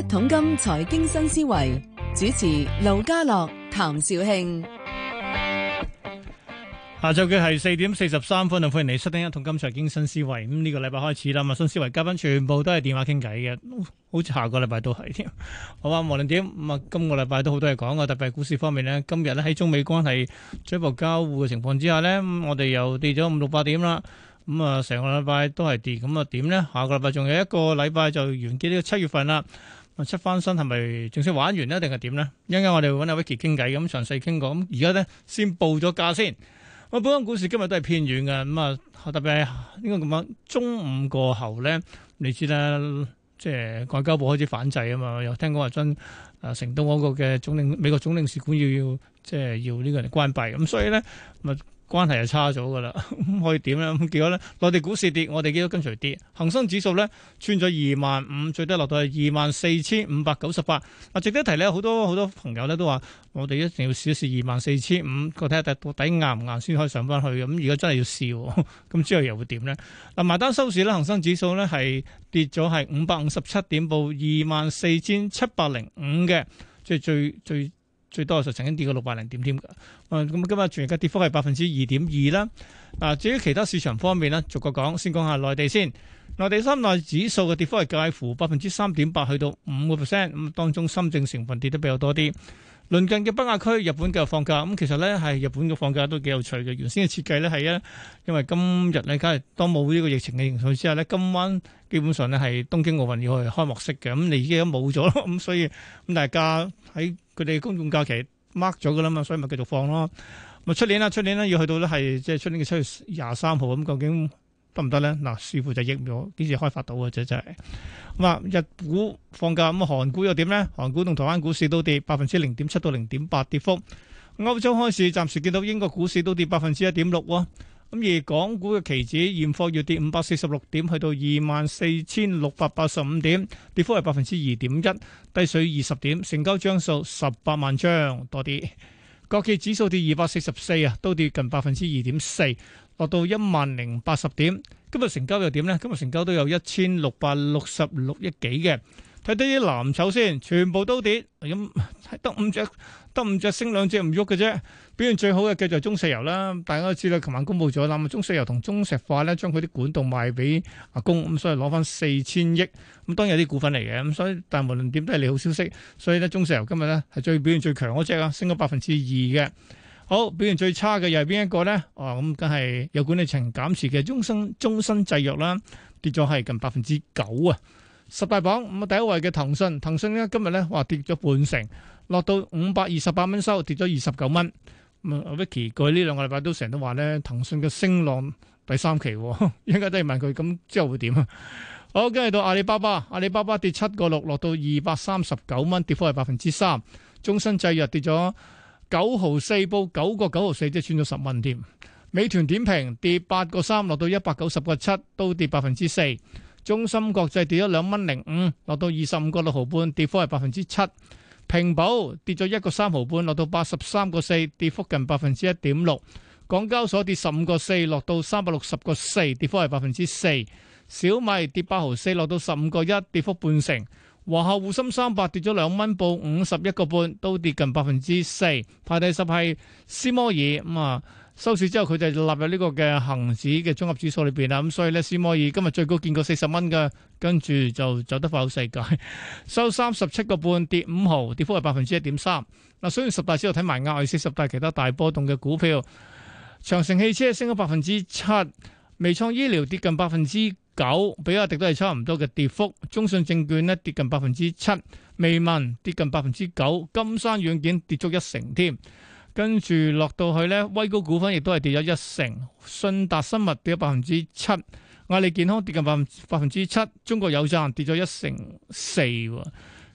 一桶金財經新思維主持盧家樂、譚兆慶。下晝嘅係四點四十三分，就歡迎嚟收聽一桶金財經新思維。咁、嗯、呢、呢個禮拜開始啦，咁、嗯、新思維嘉賓全部都係電話傾偈嘅，好似下個禮拜都係添。好啊，無論點咁啊，今個禮拜都好多嘢講嘅。特別係股市方面呢，今日咧喺中美關係進一步交互嘅情況之下呢、嗯，我哋又跌咗五六百點啦。咁、嗯、啊，成個禮拜都係跌。咁、嗯、啊，點呢？下個禮拜仲有一個禮拜就完結呢個七月份啦。出翻身係咪正式玩完是怎樣呢？定係點呢？一陣間我哋會揾阿 Vicky 傾偈，咁詳細傾過。咁而家咧，先報咗價先。咁本港股市今日都係偏軟嘅。咁啊，特別係應該咁講，中午過後咧，你知啦，即係外交部開始反制啊嘛。又聽講話將啊成都嗰個嘅總領美國總領事館要要即係要呢個嚟關閉。咁所以咧，咁啊。關係就差咗噶啦，咁 可以點咧？咁結果咧，內地股市跌，我哋幾多跟隨跌。恒生指數咧穿咗二萬五，2500, 最低落到係二萬四千五百九十八。啊，值得提咧，好多好多朋友咧都話，我哋一定要試一試二萬四千五，個睇下到底硬唔硬先可以上翻去嘅。咁而家真係要試，咁之後又會點咧？嗱，埋單收市咧，恒生指數咧係跌咗係五百五十七點，報二萬四千七百零五嘅，即係最最。最最最多就曾經跌過六百零點添嘅，啊咁今日全日嘅跌幅係百分之二點二啦。啊，至於其他市場方面咧，逐個講，先講下內地先。內地三大指數嘅跌幅係介乎百分之三點八去到五個 percent，咁當中深證成分跌得比較多啲。鄰近嘅北亞區，日本今日放假，咁其實咧係日本嘅放假都幾有趣嘅。原先嘅設計咧係啊，因為今日咧，假如當冇呢個疫情嘅因素之下咧，今晚基本上咧係東京奧運要去開幕式嘅，咁你已經冇咗咁，所以咁大家喺。佢哋公眾假期 mark 咗噶啦嘛，所以咪繼續放咯。咪出年啦，出年啦，要去到都係即係出年嘅七月廿三號咁，究竟得唔得咧？嗱、啊，視乎就疫苗幾時開發到嘅啫，真係。咁啊，日股放假，咁韓股又點咧？韓股同台灣股市都跌百分之零點七到零點八跌幅。歐洲開市暫時見到英國股市都跌百分之一點六喎。咁而港股嘅期指現貨月跌五百四十六點，去到二萬四千六百八十五點，跌幅係百分之二點一，低水二十點。成交張數十八萬張多啲。國企指數跌二百四十四啊，都跌近百分之二點四，落到一萬零八十點。今日成交又點呢？今日成交都有一千六百六十六億幾嘅。睇啲啲藍籌先，全部都跌，咁得五隻，得五隻升兩隻唔喐嘅啫。表現最好嘅繼續係中石油啦，大家都知道琴晚公布咗啦，中石油同中石化咧將佢啲管道賣俾阿公，咁所以攞翻四千億。咁當然有啲股份嚟嘅，咁所以但無論點都係利好消息。所以咧，中石油今日咧係最表現最強嗰隻啊，升咗百分之二嘅。好，表現最差嘅又係邊一個咧？哦，咁梗係有管理層減持嘅終生終身製約啦，跌咗係近百分之九啊。十大榜咁啊，第一位嘅騰訊，騰訊咧今日咧話跌咗半成，落到五百二十八蚊收，跌咗二十九蚊。Vicky 佢呢兩個禮拜都成日都話呢騰訊嘅升浪第三期，應該都係問佢，咁之後會點啊？好，跟住到阿里巴巴，阿里巴巴跌七個六，落到二百三十九蚊，跌幅係百分之三，終身製藥跌咗九毫四，報九個九毫四，即係穿咗十蚊添。美團點評跌八個三，落到一百九十個七，都跌百分之四。中芯國際跌咗兩蚊零五，落到二十五個六毫半，跌幅係百分之七。平保跌咗一個三毫半，落到八十三個四，跌幅近百分之一點六。港交所跌十五個四，落到三百六十個四，跌幅係百分之四。小米跌八毫四，落到十五個一，跌幅半成。華夏滬深三百跌咗兩蚊，報五十一個半，都跌近百分之四。排第十係斯摩爾，嘛。收市之後，佢就納入呢個嘅恒指嘅綜合指數裏邊啦。咁所以呢，斯摩爾今日最高見過四十蚊嘅，跟住就走得快好世界，收三十七個半，跌五毫，跌幅係百分之一點三。嗱，雖然十大指數睇埋額外四十大其他大波動嘅股票。長城汽車升咗百分之七，微創醫療跌近百分之九，比亞迪都係差唔多嘅跌幅。中信證券呢跌近百分之七，微盟跌近百分之九，金山軟件跌足一成添。跟住落到去咧，威高股份亦都係跌咗一成，信達生物跌咗百分之七，阿里健康跌近百分百分之七，中國有贊跌咗一成四，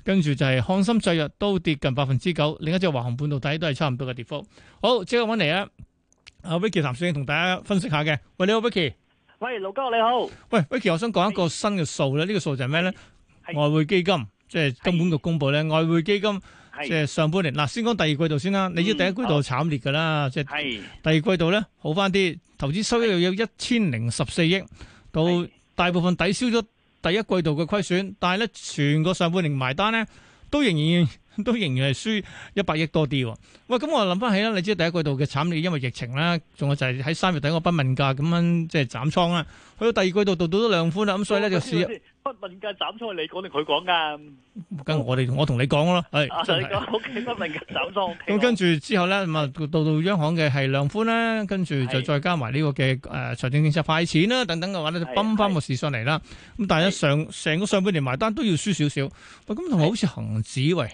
跟住就係翰森製藥都跌近百分之九，另一隻華虹半導體都係差唔多嘅跌幅。好，即刻搵嚟啊！阿 Vicky 譚紹興同大家分析一下嘅。喂，你好，Vicky。喂，盧哥你好。喂，Vicky，我想講一個新嘅數咧，呢、這個數就係咩咧？外匯基金，即係金管局公布咧，外匯基金。即係上半年嗱，先講第二季度先啦。你知道第一季度係慘烈噶啦，即係、嗯、第二季度咧好翻啲，投資收益又有一千零十四億，到大部分抵消咗第一季度嘅虧損，但係咧全個上半年埋單咧都仍然。都仍然係輸一百億多啲喎，哦。喂，哎，咁我諗翻起啦，你知第一季度嘅慘烈，因為疫情啦，仲有就係喺三月底個不問價咁樣即係斬倉啦。去到第二季度到到都兩寬啦，咁所以咧就輸，啊。不問價斬，哦哎啊 okay, 斬倉，你講定佢講噶？我哋我同你講咯，係真係。講不問價斬倉。咁跟住之後咧咁啊，到到央行嘅係兩寬啦，跟住就再加埋呢，這個嘅誒財政政策快錢啦等等嘅話咧，就崩翻個市場上嚟啦。咁但係上成個上半年埋單都要輸少少。哎，喂，咁同埋好似恒指喂。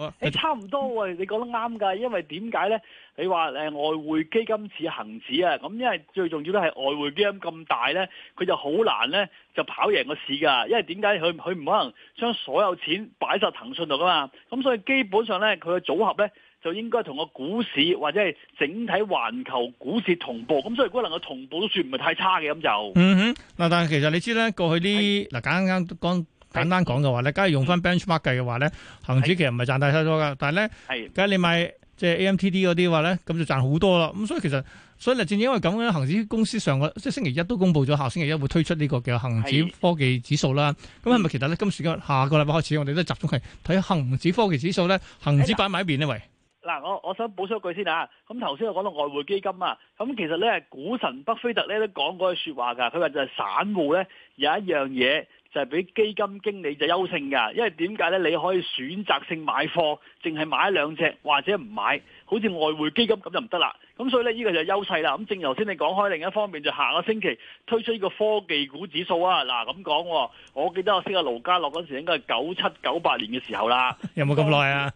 誒、哎，差唔多喎！你講得啱噶因為點解咧？你話誒外匯基金似恒指啊？咁因為最重要咧係外匯基金咁大咧，佢就好難咧就跑贏個市噶因為點解佢佢唔可能將所有錢擺晒騰訊度噶嘛？咁所以基本上咧，佢嘅組合咧就應該同個股市或者係整體環球股市同步。咁所以如果能夠同步都算唔係太差嘅咁就。嗯哼，嗱，但係其實你知咧，過去啲嗱，啱啱講。簡單講嘅話咧，梗係用翻 benchmark 計嘅話咧，恒指其實唔係賺大太多噶，但係咧，梗係你買即係 A M T D 嗰啲話咧，咁就賺好多啦。咁所以其實，所以嚟正因為咁樣咧，恒指公司上個即係星期一都公布咗下星期一會推出呢個嘅恒指科技指數啦。咁係咪其實咧今時今日下個禮拜開始，我哋都集中係睇恒指科技指數咧，恒指擺埋一邊呢？喂。嗱，我我想補充一句先啊。咁頭先我講到外匯基金啊，咁其實咧股神巴菲特咧都講過嘅說話噶，佢話就係散戶咧有一樣嘢。就係、是、畀基金經理就優勝噶，因為點解咧？你可以選擇性買貨，淨係買一兩隻或者唔買。好似外匯基金咁就唔得啦，咁所以咧呢個就係優勢啦。咁正頭先你講開另一方面，就下個星期推出呢個科技股指數啊。嗱咁講，我記得我識阿盧家樂嗰時應該係九七九八年嘅時候啦。有冇咁耐啊？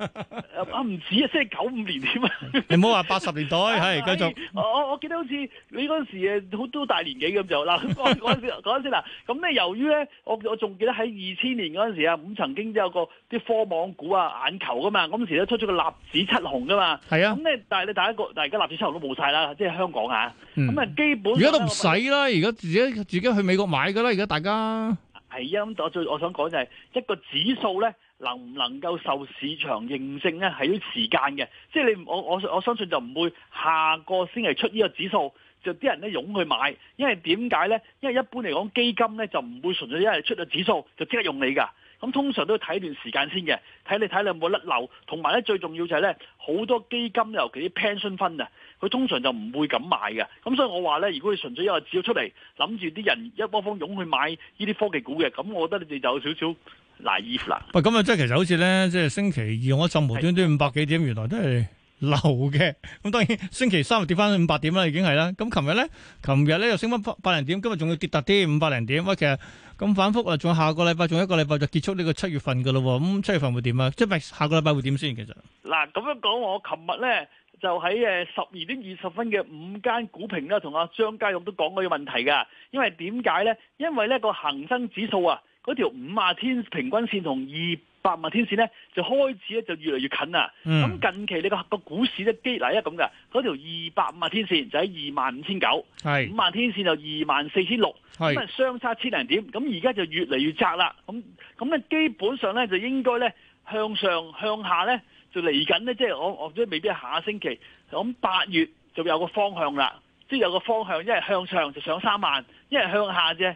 啊唔止啊，止即係九五年添啊！ 你唔好話八十年代，係繼續。我我記得好似你嗰陣時好多大年紀咁就嗱，講先講先啦。咁咧由於咧，我 呢我仲記得喺二千年嗰陣時啊，五曾經都有個啲科網股啊眼球噶嘛，咁時咧出咗個立指七雄噶嘛，係咁咧，但係你第一個，但係而家納指出樓都冇晒啦，即係香港啊！咁，嗯，啊，基本而家都唔使啦，而家自己自己去美國買噶啦，而家大家係啊！咁我最我想講就係一個指數咧，能唔能夠受市場認證咧，係要時間嘅。即係你我我我相信就唔會下個星期出呢個指數，就啲人咧湧去買，因為點解咧？因為一般嚟講，基金咧就唔會純粹因為出咗指數就即刻用你㗎。咁通常都要睇段時間先嘅，睇你睇你有冇甩漏，同埋咧最重要就係咧好多基金，尤其啲 pension fund 啊，佢通常就唔會咁買嘅。咁所以我話咧，如果你純粹因為只要出嚟，諗住啲人一波蜂湧去買呢啲科技股嘅，咁我覺得你哋就有少少 naive 啦。唔咁啊，即係其實好似咧，即係星期二我震無端端五百幾點，原來都係。流嘅，咁當然星期三又跌翻五百點啦，已經係啦。咁琴日咧，琴日咧又升翻百零點，今日仲要跌達啲五百零點。咁其實咁反覆啊，仲有下個禮拜仲有一個禮拜就結束呢個七月份噶啦。咁七月份會點啊？即係下個禮拜會點先？其實嗱，咁樣講，我琴日咧就喺誒十二點二十分嘅五間股評啦，同阿張家勇都講過個問題噶。因為點解咧？因為咧個恒生指數啊，嗰條五十天平均線同二百萬天線咧就開始咧就越嚟越近啦。咁、嗯、近期呢個個股市咧基底一咁嘅，嗰條二百五十天線就喺二萬五千九，五萬天線就二萬四千六，咁係相差千零點。咁而家就越嚟越窄啦。咁咁咧基本上咧就應該咧向上向下咧就嚟緊咧，即、就、係、是、我我即未必係下星期，咁八月就有個方向啦，即、就、係、是、有個方向，一係向上就上三萬，一係向下啫。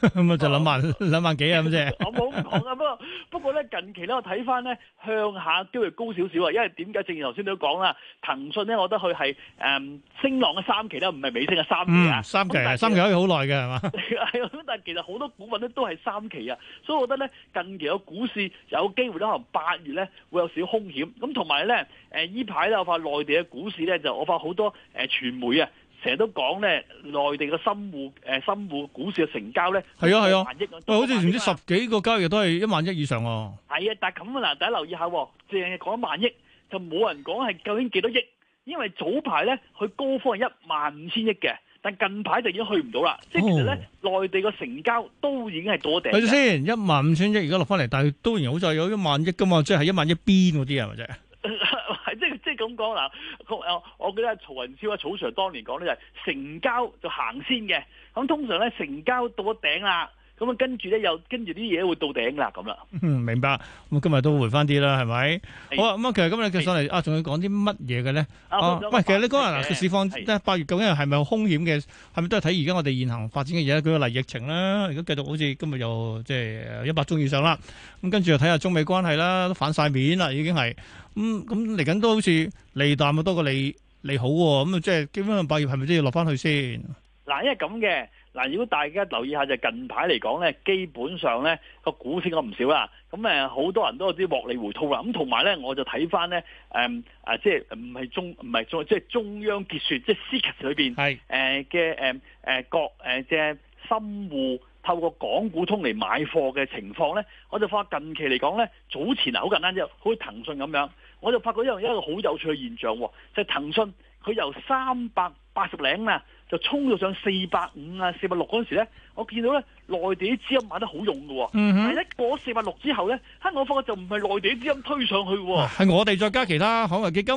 咁啊，就兩萬兩萬幾啊咁啫。我冇講啊，不過不過咧，近期咧，我睇翻咧向下機會高少少啊，因為點解？正如頭先都講啦，騰訊咧，我覺得佢係誒升浪嘅三期啦，唔係尾聲嘅三期啊，三期三期可以好耐嘅係嘛。係 但係其實好多股份都都係三期啊，所以我覺得咧，近期嘅股市有機會咧，可能八月咧會有少少風險。咁同埋咧，誒，呢排咧，我發內地嘅股市咧，就我發好多誒傳媒啊。成日都講咧，內地嘅深戶誒深戶股市嘅成交咧，係啊係啊，幾萬億，都係一萬億哎、好似唔知十幾個交易日都係一萬億以上喎、啊。係啊，但係咁啊，嗱，大家留意下，淨係講一萬億，就冇人講係究竟幾多億，因為早排咧佢高峰係一萬五千億嘅，但近排就已經去唔到啦。即係其實咧，內地嘅成交都已經係墮地。睇住先，一萬五千億而家落翻嚟，但係都仍然好在有一萬億噶嘛，即係一萬億邊嗰啲係咪啫？係即係即係咁講啦，我我記得曹雲超啊，曹 Sir 當年講咧就係成交就行先嘅，咁通常咧成交到頂啦。咁啊，跟住咧又跟住啲嘢會到頂啦，咁啦。嗯，明白。咁今日都回翻啲啦，係咪？好啊。咁啊，其實今日嘅上嚟啊，仲要講啲乜嘢嘅咧？喂、啊啊嗯，其實你講啊，嗱，市況咧，八月究竟係咪有風險嘅？係咪都係睇而家我哋現行發展嘅嘢？佢舉例疫情啦，而家繼續好似今日又即係一百宗以上啦。咁跟住又睇下中美關係啦，都反晒面啦，已經係。咁咁嚟緊都好似利淡啊，多過利利好喎。咁、嗯、即係基本上八月係咪都要落翻去先？嗱，因為咁嘅。嗱，如果大家留意一下就係、近排嚟講咧，基本上咧個股升咗唔少啦，咁誒好多人都有啲獲利回吐啦，咁同埋咧我就睇翻咧誒啊，即係唔係中唔係中即係中，中央結算即係 CCASS 裏邊係誒嘅誒誒國誒即係深戶透過港股通嚟買貨嘅情況咧，我就發近期嚟講咧，早前啊好簡單啫，好似騰訊咁樣，我就發覺一樣一個好有趣嘅現象喎，就係、是、騰訊佢由三百八十領啦。就衝咗上四百五啊，四百六嗰陣時咧，我見到咧內地啲資金買得好用嘅喎、哦嗯，但係一過四百六之後咧，嚇我發覺就唔係內地啲資金推上去喎、哦，係、啊、我哋再加其他海外基金，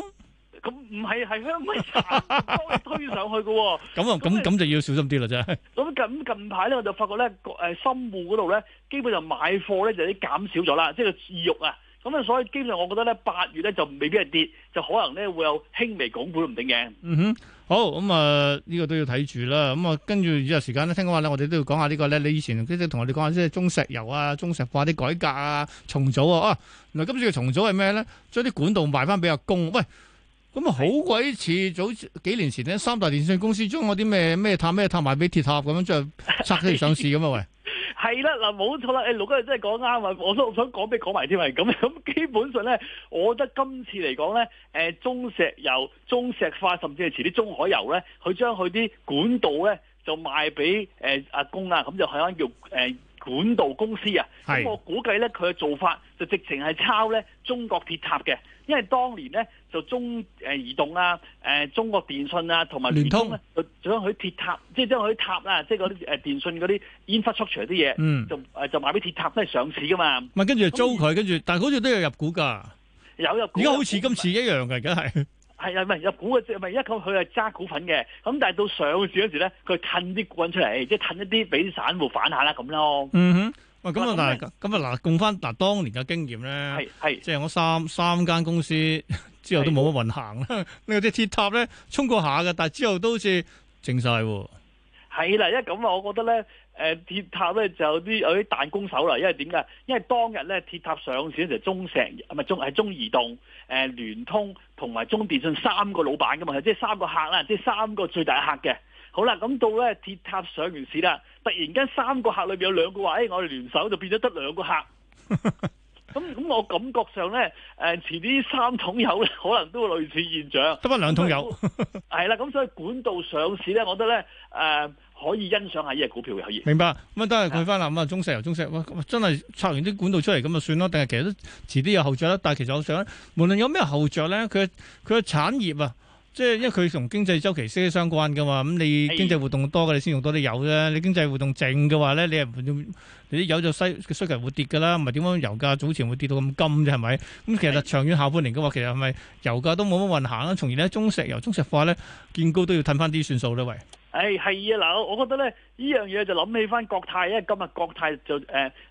咁唔係係香港推上去嘅喎、哦，咁啊咁咁就要小心啲啦啫。咁近近排咧我就發覺咧深戶嗰度咧，基本就買貨咧就啲減少咗啦，即係個意欲啊。咁咧，所以基本上，我覺得咧，八月咧就未必係跌，就可能咧會有輕微港股都唔定嘅。嗯哼，好，咁啊呢個都要睇住啦。咁、嗯、啊，跟住餘下時間咧，聽講話咧，我哋都要講下呢個咧。你以前即係同我哋講下即係中石油啊、中石化啲改革啊、重組啊。哦、啊，嗱，今次嘅重組係咩咧？將啲管道賣翻俾阿公。喂，咁啊好鬼似早幾年前呢，三大電信公司將嗰啲咩咩塔咩塔賣俾鐵塔咁樣，將拆起上市咁啊？ 喂！係啦，嗱冇錯啦，誒哥你真係講啱啊！我都我想講俾你講埋添啊，咁咁基本上咧，我覺得今次嚟講咧，中石油、中石化甚至係遲啲中海油咧，佢將佢啲管道咧就賣俾誒阿公啦，咁就係一種叫、呃管道公司啊，咁我估計咧佢嘅做法就直情係抄咧中國鐵塔嘅，因為當年咧就中誒移動啊、誒中國電信啊同埋聯通咧，就將佢鐵塔，即係將佢啲塔啊，即係嗰啲誒電信嗰啲 infrastructure 啲嘢，嗯，就誒就賣俾鐵塔都係、就是、上市噶嘛，唔跟住租佢，跟住但係好似都有入股噶，有入股，而家好似今次一樣嘅，梗係。係啊，唔係入股嘅，即係唔係，佢佢係揸股份嘅。咁但係到上市嗰時咧，佢褪啲股份出嚟，即係褪一啲俾啲散戶反下啦，咁咯。嗯哼，哇、嗯，咁、嗯、啊、嗯嗯，但係咁啊，嗱、嗯，講翻嗱當年嘅經驗咧，係係，即係、就是、我三三間公司之後都冇乜運行啦。呢個啲鐵塔咧衝過下嘅，但係之後都好似靜晒喎。係啦，因為咁啊，我覺得咧，誒鐵塔咧就有啲有啲彈弓手啦，因為點解？因為當日咧鐵塔上市咧就中石，唔係中係中移動、誒、呃、聯通同埋中電信三個老闆噶嘛，即係三個客啦，即係三個最大的客嘅。好啦，咁、嗯、到咧鐵塔上完市啦，突然間三個客裏面有兩個話，誒、欸、我哋聯手就變咗得兩個客。 咁咁我感覺上咧，誒、呃、遲啲三桶油咧，可能都會類似現象，得翻兩桶油。係啦，咁 所以管道上市咧，我覺得咧、呃，可以欣賞下呢隻股票嘅表現。明白，咁都係佢翻啦。咁啊，中石油、中石油，哇，真係拆完啲管道出嚟咁就算啦。定係其實都遲啲有後着啦。但係其實我想，無論有咩後着咧，佢佢嘅產業啊。即係因為佢同經濟周期息息相關噶嘛，咁、嗯、你經濟活動多嘅，你先用多啲油啫，你經濟活動靜嘅話咧，你係你啲油就需需求會跌噶啦，唔係點樣油價早前會跌到咁金啫係咪？咁、嗯、其實長遠下半年嘅話，其實係咪油價都冇乜運行啦，從而咧中石油、中石化咧見高都要褪翻啲算數咧，喂。誒係啊，嗱我我覺得咧呢樣嘢就諗起翻國泰，因為今日國泰就誒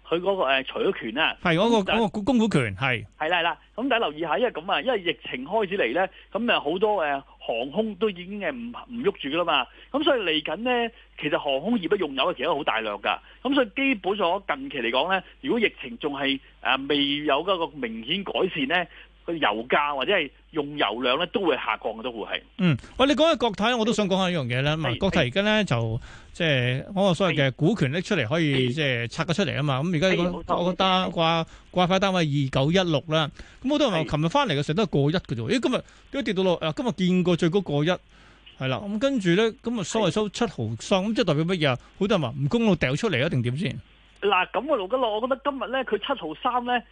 佢嗰個誒除咗權啊，係嗰個嗰個供股權，係係啦係啦，咁大家留意下，因為咁啊，因為疫情開始嚟咧，咁啊好多誒航空都已經誒唔唔喐住噶啦嘛，咁所以嚟緊咧，其實航空業都擁有其實都好大量噶，咁所以基本上近期嚟講咧，如果疫情仲係誒未有一個明顯改善咧，佢油價或者係用油量咧，都會下降嘅，都會係。嗯，喂，你講下國泰，我都想講下呢樣嘢咧。國泰而家咧就即係我話所謂嘅股權拎出嚟，可以即係拆得出嚟啊嘛。咁而家我我覺得掛掛牌單位二九一六啦。咁、嗯、好多人都話，琴日翻嚟嘅時候都係過一嘅啫。咦、欸，今日點解跌到落？誒、啊，今日見過最高過一係啦。咁、嗯、跟住咧，咁日所謂收七毫三，咁即係代表乜嘢啊？好多人都話唔公咯，掉出嚟一定點先？嗱，咁嘅盧吉樂，我覺得今日咧，佢七毫三咧。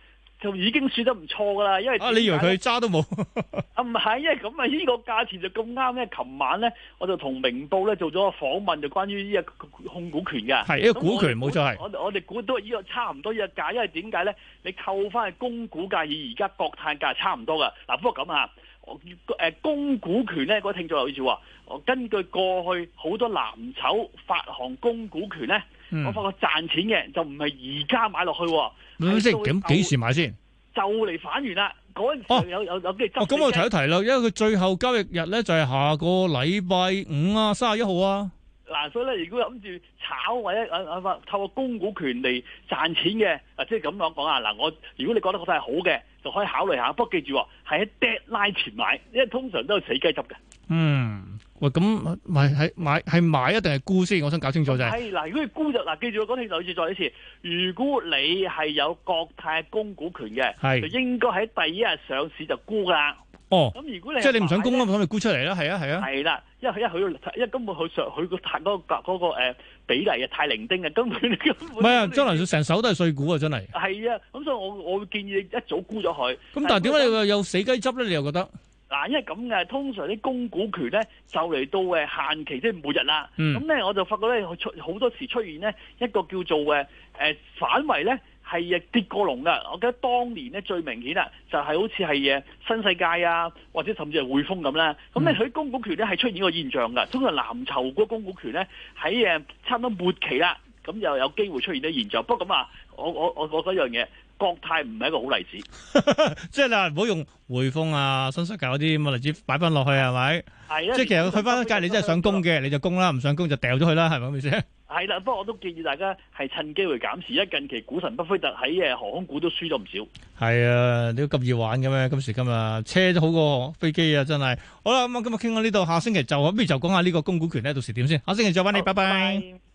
就已經算得唔錯噶啦，因為，為啊，你以為佢揸都冇？ 啊唔係，因為咁啊，呢、呢個價錢就咁啱咧。琴晚咧，我就同明報咧做咗訪問，就關於呢個個控股權嘅。係，一個股權冇錯係。我我哋估都係呢個差唔多嘅價，因為點解咧？你扣翻去供股價，以價，以而家國泰價差唔多噶。嗱，不過咁啊，我、呃、供股權咧，各位聽眾留意住喎。我根據過去好多藍籌發行供股權咧，我發覺賺錢嘅就唔係而家買落去，咁先，咁幾時買先？啊啊啊啊啊，就嚟反完啦，嗰陣時有有有啲嘅執。哦，咁我提一提啦，因為佢最後交易日咧就係下個禮拜五啊，三十一號啊。嗱，所以咧，如果諗住炒或者啊啊，透過公股權利賺錢嘅，啊，即係咁樣講啊，嗱，我如果你覺得嗰批係好嘅，就可以考慮下。不過記住，係喺 deadline 前買，因為通常都係死雞執嘅。嗯。喂，咁買係買係買，一定係沽先，我想搞清楚啫。係嗱，如果你沽就嗱，記住我講嘅就好似再一次，如果你係有國泰供股權嘅，係就應該喺第一日上市就沽噶啦。哦，咁如果你即係你唔想供啊，咪咪沽出嚟啦，係啊，係啊。係啦，因為一佢一根本佢上佢個大嗰個嗰個誒比例啊，太零丁啊，根本根本唔係啊，將來成手都係碎股啊，真係。係啊，咁所以我我會建議你一早沽咗佢。咁但係點解你又有死雞執咧？你又覺得？嗱，因為咁嘅，通常啲供股權咧就嚟到誒限期，即係末日啦。咁、嗯、咧我就發覺咧，出好多時出現咧一個叫做誒、呃、反圍咧係跌過龍噶。我記得當年咧最明顯啦，就係好似係新世界啊，或者甚至係匯豐咁啦。咁咧佢供股權咧係出現一個現象噶，通常藍籌嗰公供股權咧喺誒差唔多末期啦。咁又有機會出現啲現象，不過咁啊，我我我我講一樣嘢，國泰唔係一個好例子，即係你唔好用匯豐啊、新世界嗰啲咁嘅例子擺翻落去係咪？係啊，即係其實去翻都介，你真係想供嘅你就供啦，唔想供就掉咗佢啦，係咪先？係 啦，不過我都建議大家係趁機會減持，因近期股神巴菲特喺誒航空股都輸咗唔少。係啊，你都咁易玩嘅咩？今時今日車都好過飛機啊，真係。好啦，咁、嗯、啊，今日傾到呢度，下星期就不如就講下呢個供股權咧，到時點先？下星期再翻你，拜拜。Bye bye bye bye